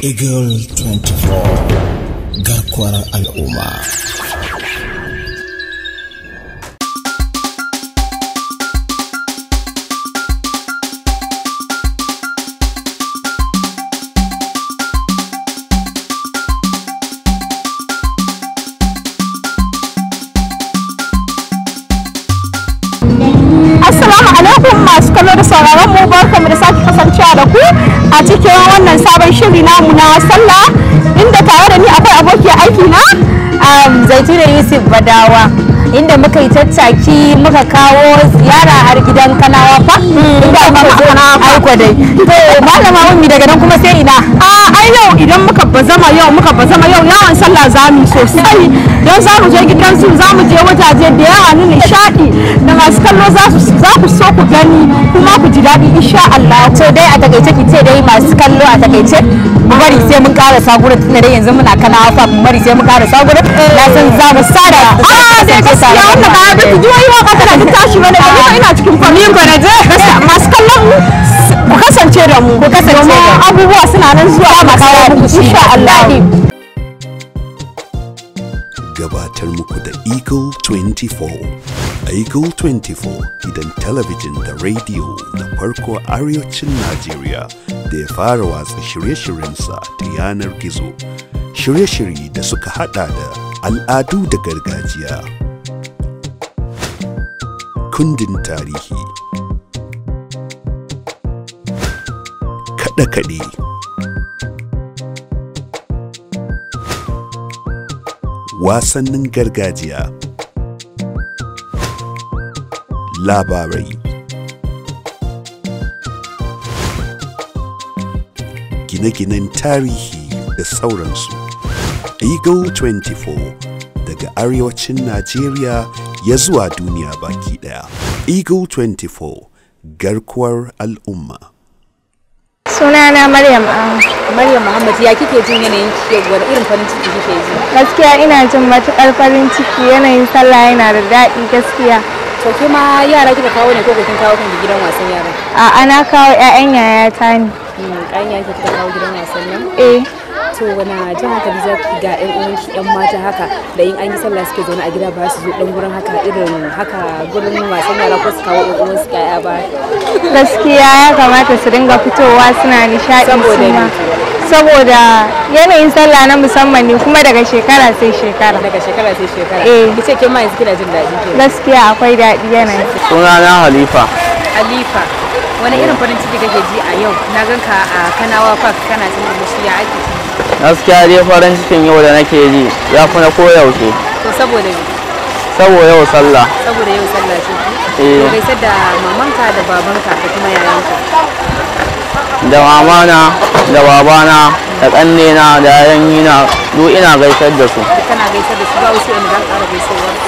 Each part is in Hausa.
Eagle 24 garkuwar al'umma. Assalamu alaikum masu kallo da sauraron mu barkamu da sake kasancewa da ku a cikin wannan sabon shiri namu na sallah inda tare da ni akwai abokiya aiki na da um, yusuf badawa inda muka yi tattaki muka kawo ziyara har gidan kanawa fa hmm. inda muka zo aiko dai to malama ummi daga nan kuma sai ina a ai yau idan muka bazama yau muka bazama yau yawan sallah zamu sosai don za mu je gidan su za mu je wajaje da yawa ni nishadi da masu kallo za ku so ku gani kuma ku ji daɗi insha Allah to dai a takaice ki ce dai masu kallo a takaice mu bari sai mun ƙara sagura tunda dai yanzu muna kanawa fa mu bari sai mun ƙara sagura eh. na san za mu sada ah, a sa ya wannan ba duk jiyoyi tana duk tashi bane da ita ina cikin kwami masu kallon ku kasance da mu ku abubuwa suna nan zuwa masu kawo muku insha Allah gabatar muku da Eagle 24 Eagle 24 gidan talabijin da rediyo da farko arewacin Najeriya da ya fara watsa shirye-shiryensa ta yanar gizo shirye-shirye da suka haɗa da al'adu da gargajiya kundin tarihi kaɗe-kaɗe wasannin gargajiya labarai gine-ginen tarihi da sauransu eagle 24 daga arewacin najeriya ya zuwa duniya baki daya. Eagle 24 garkuwar al'umma. Sunana Maryam Maryam Muhammad ya kike jin yanayin kike gwada irin farin ciki kike ji? Gaskiya ina jin matukar farin ciki yanayin sallah yana da daɗi gaskiya. To kuma yara kika kawo ne ko kuka kawo kan gidan wasan yara? A'a na kawo 'ya'yan yayata ne. ɗanya ki kuka kawo gidan wasan nan eh to wani jan hankali za ki ga yan uwan yan mata haka da in an yi sallah suke zaune a gida ba su zo dan gurin haka irin haka gurin wasan yara ko su kawo yan uwan su kaya ba gaskiya ya kamata su dinga fitowa suna nishaɗi ma. saboda yanayin sallah na musamman ne kuma daga shekara sai shekara daga shekara sai shekara eh kice kin ma yanzu kina jin daɗi gaskiya akwai daɗi yanayin sunana Halifa Halifa wani irin farin ciki kake ji a yau na gan ka a kanawa park kana cin abinci ya ake gaskiya dai farin cikin yau da nake ji ya fi na koyaushe to saboda me saboda yau sallah saboda yau sallah ce eh kai da mamanka da babanka da kuma yayanka da mamana da babana da kannena da ina duk ina gaisar da su kana gaisar da su ba wasu inda zan ƙara gaisarwa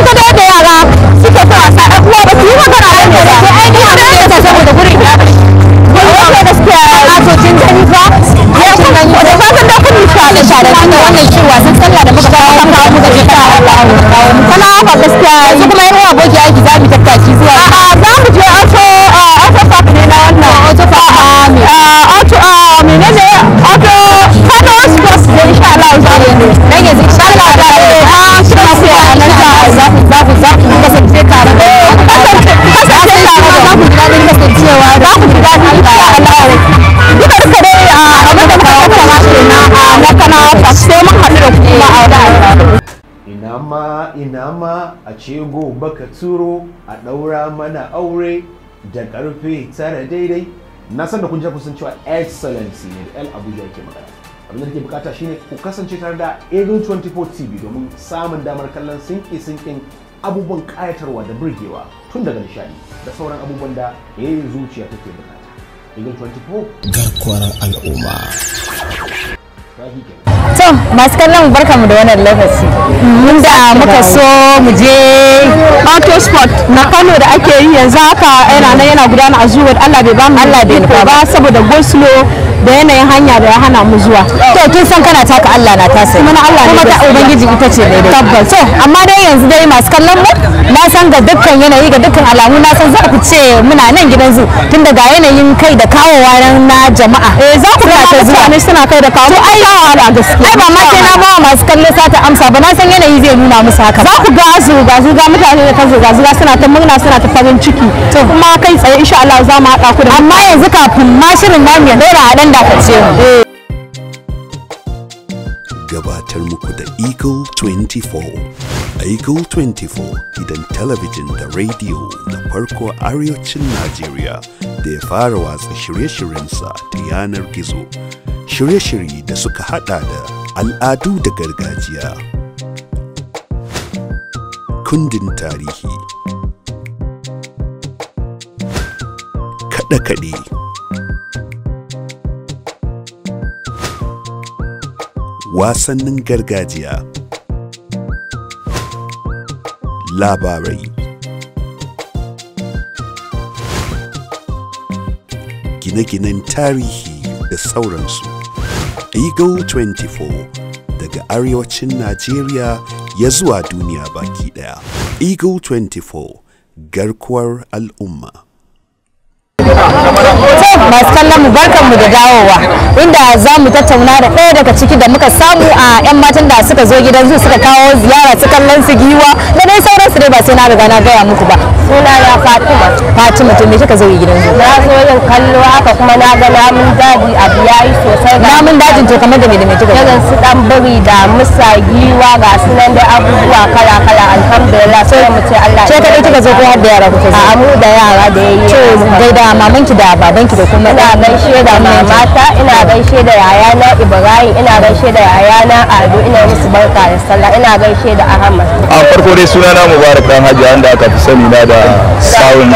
Mas ina ma a ce gobe ka turo a ɗaura mana aure da ƙarfe tara daidai na san da kun ku san cewa excellency ne da abuja yake magana abin da ke bukata shine ku kasance tare da edo 24 TV domin samun damar kallon sinki sinkin abubuwan ƙayatarwa da burgewa tun daga nishadi da sauran abubuwan da yayin zuciya take bukata. edo 24 garkuwar al'umma. to masu kallon barkamu da wannan lokaci mun da muka so mu je passport na Kano da ake yi yanzu haka yana nan yana gudana a zuwa Allah bai ba mu Allah bai nufa ba saboda goslo da yanayin hanya da ya hana mu zuwa to tun san kana taka Allah na tasa kuma Allah kuma ta ubangiji ita ce daidai tabbas to amma dai yanzu dai masu kallon mu na san ga dukkan yanayi ga dukkan alamu na san za ku ce muna nan gidan zu tun daga yanayin kai da kawowa na jama'a eh za ku ga ta zuwa ne suna kai da kawo to ai a gaskiya ai ba ma sai na ba masu kallo sata amsa ba na san yanayi zai nuna musu haka za ku ga su ga ga mutane da kansu ga zuwa suna ta murna suna ta farin ciki kuma kai tsaye insha Allah za mu haɗa ku da amma yanzu kafin ma shirin namu ya dora a dan dakace mu eh. gabatar muku da Eagle 24 Eagle 24 gidan talabijin da rediyo na farko arewacin Najeriya da ya fara watsa shirye-shiryensa ta yanar gizo shirye-shirye da suka hada da al'adu da gargajiya kundin tarihi kaɗe-kaɗe wasannin gargajiya labarai gine-ginen tarihi da sauransu eagle 24 daga arewacin najeriya ya zuwa duniya baki ɗaya. Eagle 24 garkuwar al'umma. masu kallon mu barkan mu da dawowa inda za mu tattauna da ɗaya daga ciki da muka samu a 'yan matan da suka zo gidan zu suka kawo ziyara su kallon su giwa da dai sauransu dai ba sai na riga na gaya muku ba suna ya fatima fatima to me kika zo gidan zu na zo yin kallo haka kuma na ga namun daji abu yayi sosai ga namun dajin to kamar da me da me kika ga su dan bari da musa giwa ga su nan da abubuwa kala kala alhamdulillah sai mu ce Allah ce dai kika zo ko har da yara zo a mu da yara da yayi to gaida mamanki da babanki da kuma ina gaishe da mamata ina gaishe da yayana ibrahim ina gaishe da yayana ado ina musu barka da sallah ina gaishe da ahmad a farko dai na mubarak dan hajji wanda aka fi sani na da sawun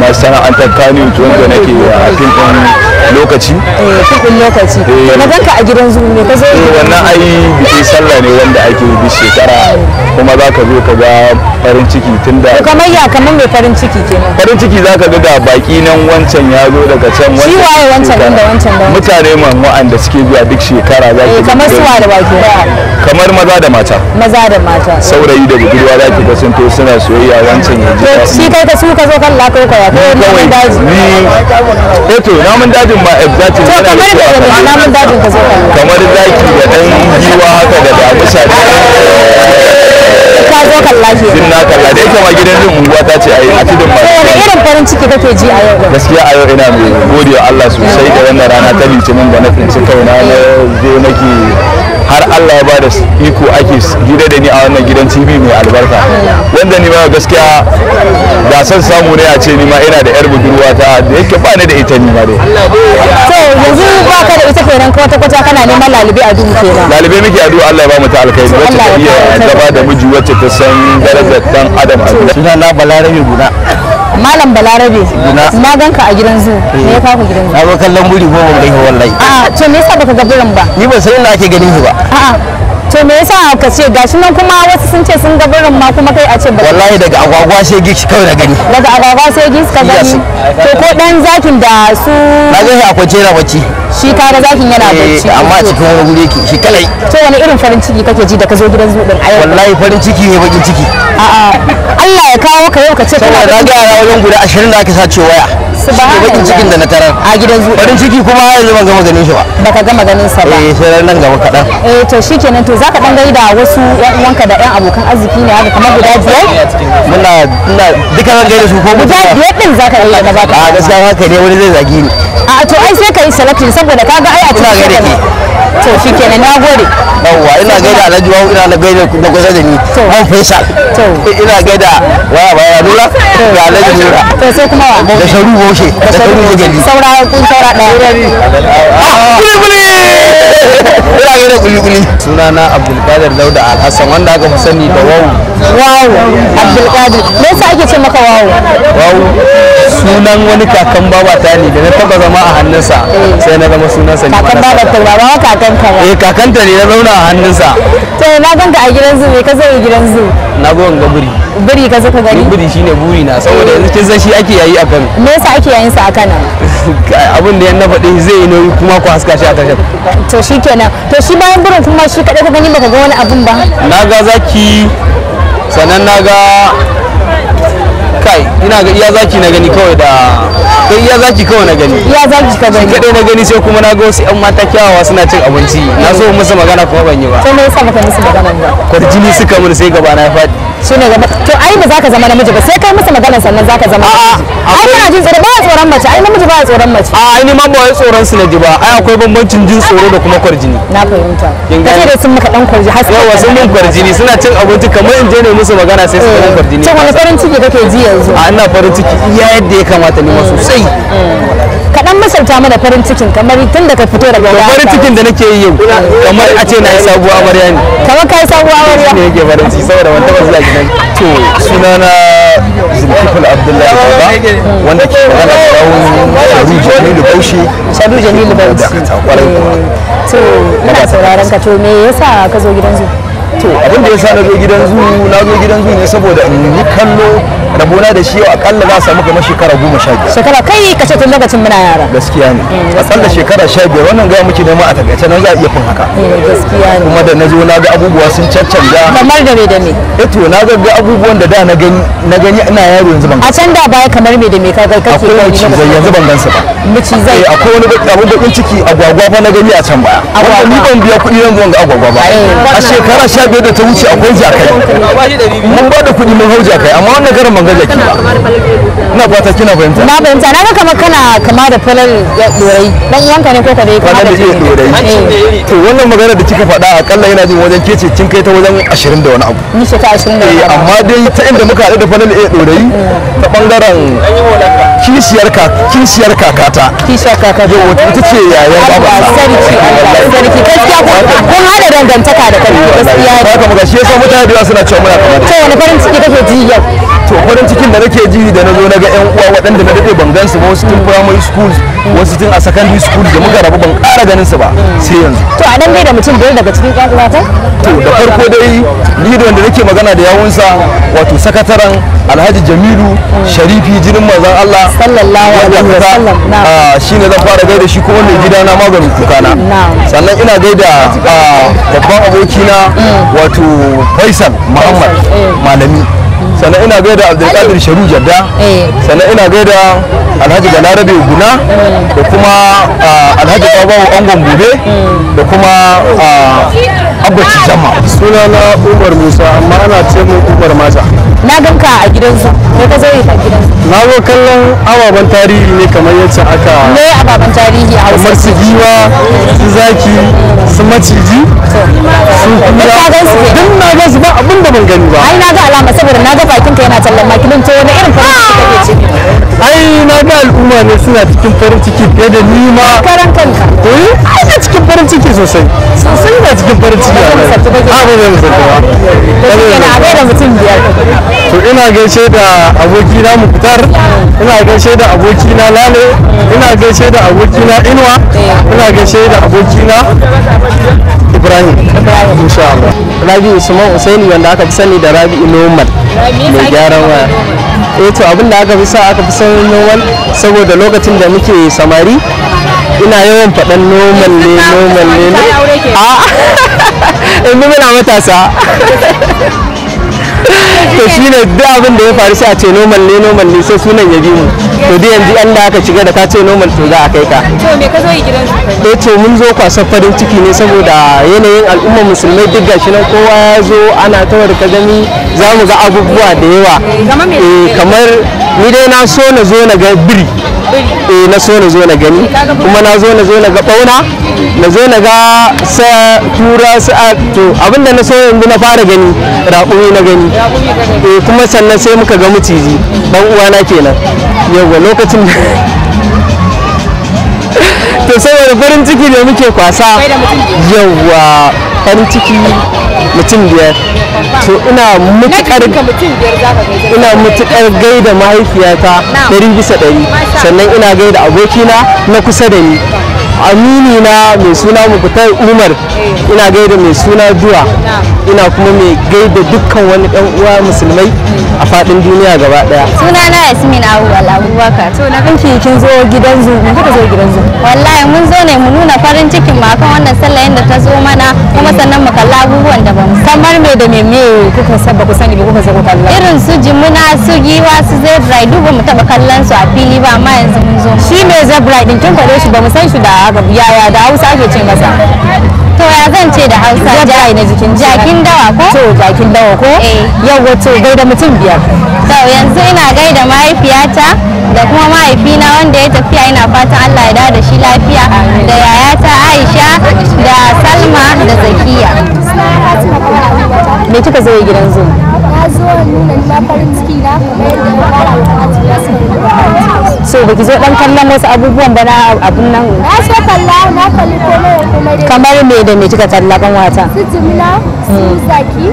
masana'antar kanu wanda nake a fim lokaci eh, cikin lokaci to eh. na ganka a gidan zuwa ne ka zo eh, wannan ai biki sallah ne wanda ake bi shekara kuma za ka zo ka ga farin ciki tun da kamar ya kamar mai farin ciki kenan farin ciki za ka ga baki nan wancan ya zo daga can wancan shi waye wancan din da wancan da mutane man wa'anda suke biya duk shekara za ki eh, kamar suwa da baki kamar maza da mata maza da mata eh. saurayi da budurwa za ki ga sun to suna soyayya wancan ya ji shi kai ka su ka zo kan lakai ka ya kai namun daji ni eto eh namun dajin ba exactly to kamar da namun dajin ka zo kamar zaki da dan giwa haka da damusa da ka zo kalla ke din na kalla da yake ma gidan din unguwa ta ce ai a tudun ba wani irin farin ciki kake ji a yau gaskiya a yau ina mai gode wa Allah sosai da wannan rana ta litinin da na tsinci kauna na je nake Allah ya bada iko ake gida da ni a wannan gidan TV mai albarka wanda ni ma gaskiya da san samu ne a ce ni ma ina da yar budurwa ta da yake ba ni da ita ni ma dai to yanzu ba ka da ita kenan kwata kwata kana neman lalibe a duhu kenan lalibe muke a duhu Allah ya ba mu ta alkhairi wacce ta iya gaba da miji wacce ta san darajar dan adam a duniya na balarabe guda malam balarabe na ganka a gidan zu eh. me ya kawo gidan zu na kallon buri goma bai wallahi A'a to me yasa baka ga birin ba ni ba san inda ake ganin shi ba a'a to me yasa ka ce gashi nan kuma wasu sun ce sun ga birin ma kuma kai a ce ba wallahi daga agwagwa sai gishi kawai na gani daga agwagwa sai gishi ka gani to ko dan zakin da su na ga shi akwai jera bacci shi ka da zakin yana eh, bacci amma a cikin wani guri yake shi kalai to wani irin farin ciki kake ji da ka zo gidan zuɗin a yau wallahi farin ciki ne bakin ciki a'a Allah ya kawo ka yau ka ce kana da ga wajen guda 20 da aka sace waya bakin cikin da na tarar a gidan zuwa farin ciki kuma har yanzu ban gama ganin shi ba ka gama ganin sa ba eh sai nan gaba kaɗan eh to shikenan to zaka dan gaida wasu yan uwanka da yan abokan arziki ne haka kamar guda biyar muna ina duka zan gaida su ko guda biyar din zaka gaida ka baka a gaskiya haka ne wani zai zagi ni a to ai sai ka yi salatin saboda kaga ai a cikin to shikenan nagode yawwa ina gaida da wawu ina gaida da kusa da ni man faisal ina gaida waya baya nura da alhaji nura to sai kuma wa da sharu goshe da sharu goshe saura kun saura daya kuli kuli ina gaida kuli kuli sunana abdulkadir dauda alhassan wanda aka fi sani da wawu wawu abdulkadir me yasa ake ce maka wawu wawu sunan wani kakan baba ta ne da na taba zama a hannunsa eh. sai na zama sunansa kakan baba ta baba kakan ka ba eh, kakan ta ne na zauna a hannun sa to na ganka a gidan zu me ka zai gidan zu na go ga buri buri ka zaka gani buri shine buri na saboda yanzu kin san shi ake yayi a Kano me yasa ake yayin sa a Kano abin da yana faɗi zai yi nauyi kuma ku haska shi a tashar to shi kenan to shi bayan burin kuma shi kadai ka gani baka ga wani abun ba na ga zaki sannan na ga kai ina ga iya zaki na gani kawai da kai iya zaki kawai na gani iya zaki ka gani kadai na gani sai kuma na ga wasu yan mata kyawawa suna cin abinci na so musu magana kuma ban yi ba sai mai sa maka musu magana ba jini suka mun sai gaba na faɗi shine gaba to ai ba zaka zama namiji ba sai kai musu magana sannan zaka zama ai kana jin tsoro ba tsoron mace ai namiji ba tsoron mace a ai ni ma ba wai tsoron su ji ba ai akwai bambancin jin tsoro da kuma kwarjini na fahimta kace da sun maka dan kwarji har yawa sun mun kwarjini suna cin abinci kamar in je ne musu magana sai su dan eh. kwarjini to wani farin ciki kake ji yanzu a ina farin ciki iya yadda ya kamata ne masu sai kaɗan misalta mana farin cikin kamar tun da ka fito daga gida farin cikin da nake yi yau kamar a ce na yi sabuwa amarya ne kamar ka yi sabuwa amarya ne yake farin ciki saboda wanda ba zuwa gidan to sunana zulkifil abdullahi baba wanda ke magana da salu jamilu bauchi salu jamilu bauchi eh, to ina sauraron ka to me yasa ka zo gidan zu to abin da yasa na zo gidan zu na zo gidan zu ne saboda in yi kallo rabona da shi yau akalla za samu kamar shekara goma sha biyar shekara kai ka ce tun lokacin muna yara gaskiya ne eh, akalla shekara sha biyar wannan gaya muke nema a takaice nan za a iya fin haka eh, gaskiya ne kuma da na zo na ga abubuwa sun caccanja kamar da me da me eh to na ga abubuwan da da na gani na gani ina yaro yanzu ban a can da baya kamar me da me ka ga kake akwai cizai yanzu ban gansu ba mucizai eh akwai wani abun da kun ciki agwagwa fa na gani a can baya wanda ni ban biya kuɗi yanzu ga agwagwa ba eh, a shekara sha biyar da ta wuce akwai jakai mun ba da kuɗi mun hau jakai amma wannan karin ban gaza ki ba ina fata kina fahimta na fahimta na ga kamar kana kama da falal ya dorai dan uwanka ne ko ka dai kama da shi dorai eh. to wannan magana da kika faɗa akalla yana jin wajen kece kin kai ta wajen 20 da wani abu ni ce ta 20 da wani eh, amma dai ta inda muka haɗu da falal ya dorai ta bangaren kishiyar ka kishiyar kakata kishiyar kakata yau ita ce yayan baba sarki sarki gaskiya kun haɗa dangantaka da kai gaskiya ba ka muka shi yasa mutane da yawa suna cewa muna kamar to wani farin ciki kake ji yau to farin cikin da nake ji da na zo na ga yan uwa waɗanda na daɗe ban gansu ba wasu tun primary schools wasu tun a secondary school da muka rabu ban ƙara ganin su ba sai yanzu to a nan dai da mutum biyar daga cikin ƴan ta? to da farko dai ni da wanda nake magana da yawunsa wato sakataren Alhaji Jamilu Sharifi jirin manzon Allah sallallahu alaihi wasallam shine zan fara gaida shi kuma mai gidana maganin kukana sannan ina gaida babban abokina mm. wato Faisal Muhammad eh. malami sannan ina gaida abdulkadir sharu jadda eh. sannan ina gaida alhaji balarabe guna eh. da kuma ah, alhaji babawo angon gobe eh. da kuma ah, abbaci jama suna na umar musa amma ana ce mun umar mata na ganka a gidansa ne ka zai ka gidansa na zo kallon ababen tarihi ne kamar yadda aka Ne ababen tarihi a kamar su giwa su zaki su maciji su kuma duk na ga su ba abin da ban gani ba ai na ga alama saboda na ga bakin ka yana tallan makilin to wani irin fara kake ce ai na ga al'umma ne suna cikin farin ciki fiye da ni ma karan kanka eh ai na cikin farin ciki sosai sosai na cikin farin ciki a ba zai musanta ba ina da mutum biyar to ina gaishe da aboki na muktar ina gaishe da aboki na lale ina gaishe da aboki na inuwa ina gaishe da aboki na Ibrahim. Insha Allah. Rabi Usman Usaini wanda aka fi sani da Rabi Noman. Mai gyaran waya. wato eh to abin da aka fi sa aka fi san noman saboda lokacin da muke samari ina yawan faɗan noman ne normal ne a in ah! eh, muna matasa to ne duk abin da ya faru sai a ce nomal ne nomal ne sai sunan ya bi mu to dai yanzu an da aka shiga da ka ce nomal to za a kai ka to me ka zo yi gidan eh to mun zo kwasan farin ciki ne saboda yanayin al'ummar musulmai duk gashi nan kowa ya zo ana tawar ka gani za mu ga abubuwa da yawa eh kamar ni dai na so na zo na ga biri eh na so na zo na gani kuma na zo na zo na ga bauna na zo na ga sa tura su a to abinda na so yanzu na fara gani raƙumi na gani eh kuma sannan sai muka ga maciji dan uwana kenan yawa lokacin to saboda farin ciki da muke kwasa yawa farin ciki mutum biyar to ina mutukar ina mutukar gaida mahaifiyata ɗari bisa ɗari sannan ina gaida abokina na kusa da ni amini na mai suna mukutar umar eh. ina gaida mai suna duwa ina kuma mai gaida dukkan wani dan uwa musulmai a fadin duniya gaba daya suna na yasmin awwal abubakar to na kanki kin zo gidan zu mun kuka zo gidan zu wallahi mun ne mu nuna farin cikin maka akan wannan sallah yadda ta zo mana kuma sannan mu kalla abubuwan da bamu kamar me da me me kuka saba ku sani ba kuka saba kalla irin su jimuna su giwa su zebra duk ba mu taba kallon su a fili ba amma yanzu mun zo shi me zebra din tun kwade shi ba mu san shi da yaya da Hausa ake ce masa to ya zan ce da hausa jakai na jikin jakin dawa ko to jakin dawa ko eh. yau wato da mutum biyar to yanzu ina gaida mahaifiyata da kuma mahaifina wanda ya tafiya ina fata Allah ya da shi lafiya da yayata Aisha da Salma da Zakiya me kika zo gidan zo na zo nuna farin ciki na kuma to baki zo dan kallon wasu abubuwan ba na abun nan na so kalla na kalli komai da komai dai kamar me da me kika kalla kan wata su jimla su hmm. zaki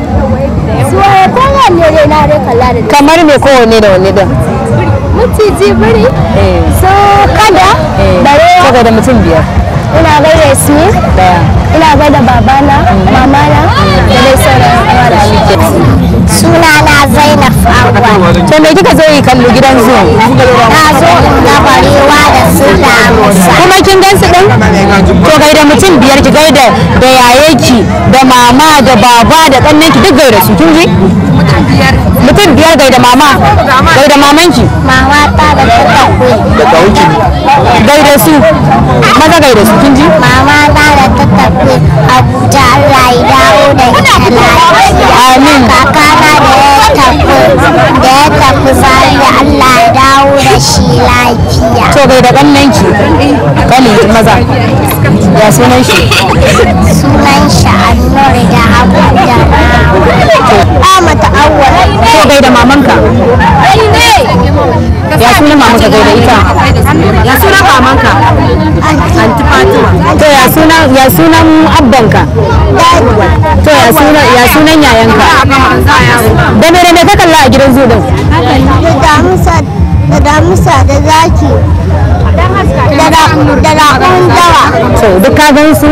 su waye wanne ne na dai kalla da kamar me ko wanne da wanne da mutiji biri eh. so kada eh. bare barewa da mutum biyar ina gaida su ina gaida babana hmm. mamana da dai sauran suna na zainab awwa to me kika zo yi kallo gidan zo na zo na barewa da suna musa kuma kin gan su din to gaida mutum biyar ki gaida da ki da mama da baba da kannan ki duk gaida su kin ji mutum biyar gaida mama gaida ki? mama ta da tattakwai gaida su maza gaida su kin ji mama ta da tattakwai Abuja Allah da ita lafiya. Kakana da ya tafi da ya tafi Zaria Allah dawo da shi lafiya. To bai da ki maza. Ya sunan shi? Sunan shi Annur da Abu da Mawa. Awwal. To bai da mamanka. ya sunan mama ka gaida ita ya sunan mamanka anti fatima to ya suna ya sunan abbanka to ya suna ya sunan yayanka da me ne ta kalla a gidan zuban da musa da musa da zaki da da da dawa to duk ka gan su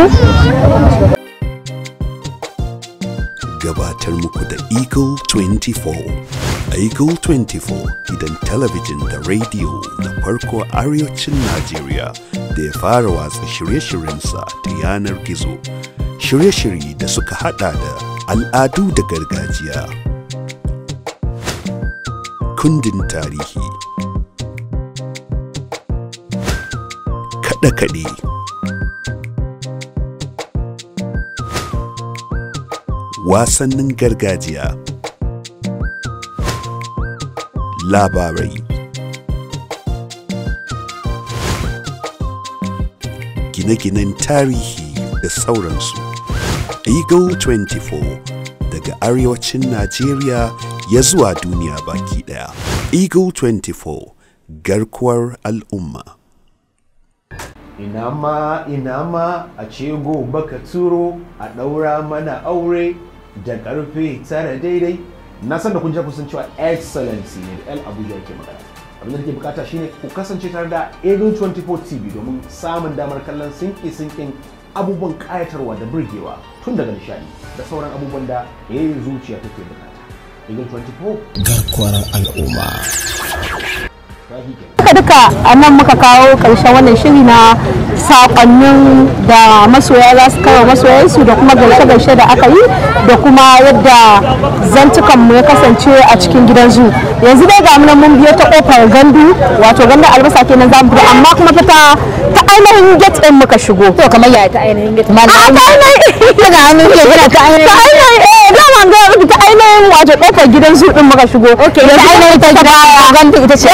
gabatar muku da Eagle 24 Eagle 24 gidan talabijin da rediyo da farko arewacin Najeriya da ya fara watsa shirye-shiryensa ta yanar gizo. Shirye-shirye da suka hada da al'adu da gargajiya. Kundin tarihi. Kaɗe-kaɗe. Wasannin gargajiya. labarai gine-ginen tarihi da sauransu eagle 24 daga arewacin najeriya ya zuwa duniya baki ɗaya, eagle 24 garkuwar al'umma ina ma a ce gobe ka turo a ɗaura mana aure da ƙarfe tara daidai na san da kun jefa sun cewa excellency ne da l abuja yake magana abin da ke bukata shine ku kasance tare da edo 24 tv domin samun damar kallon sinki sinkin abubuwan kayatarwa da burgewa tun daga nishadi da sauran abubuwan da ya yi zuciya take bukata edo 24 garkuwar al'umma duka duka a nan muka kawo ƙarshen wannan shiri na saƙonnin da masoya za su kawo masoyansu da kuma gaishe-gaishe da aka yi da kuma yadda zantukan mu ya kasance a cikin gidan zu yanzu dai ga mu mun biyo ta gandu wato gandu albasa kenan za mu fita amma kuma fita ta ainihin get din muka shigo to kamar ya ta ainihin ah, ainihin ta ainihin ta ainihin eh, ta ainihin wato gidan zu muka shigo ta ainihin ta gandu ita ce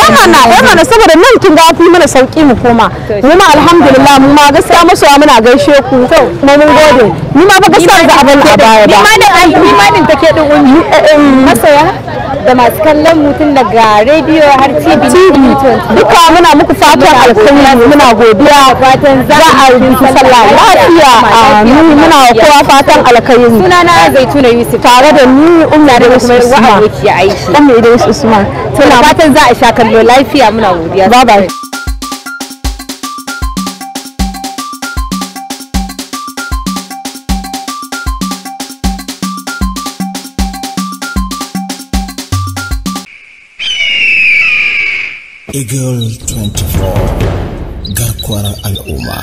wannan na saboda nan kin ga fi mana sauki mu koma mu ma alhamdulillah mu ma gaskiya masoya muna gaishe ku kuma mun gode ni ma ba gaskiya da abin a baya ba ni ma din take din masoya da masu kallon mutum daga rediyo har tv duka muna muku fatan alkhairi muna godiya fatan za a rubutu sallah lafiya amin muna kowa fatan alkhairi suna na zaituna yusuf tare da ni umma da wasu aiki umma da wasu usman fatan za a sha kallo lafiya muna godiya bye Eagle 24 garkuwar al'umma.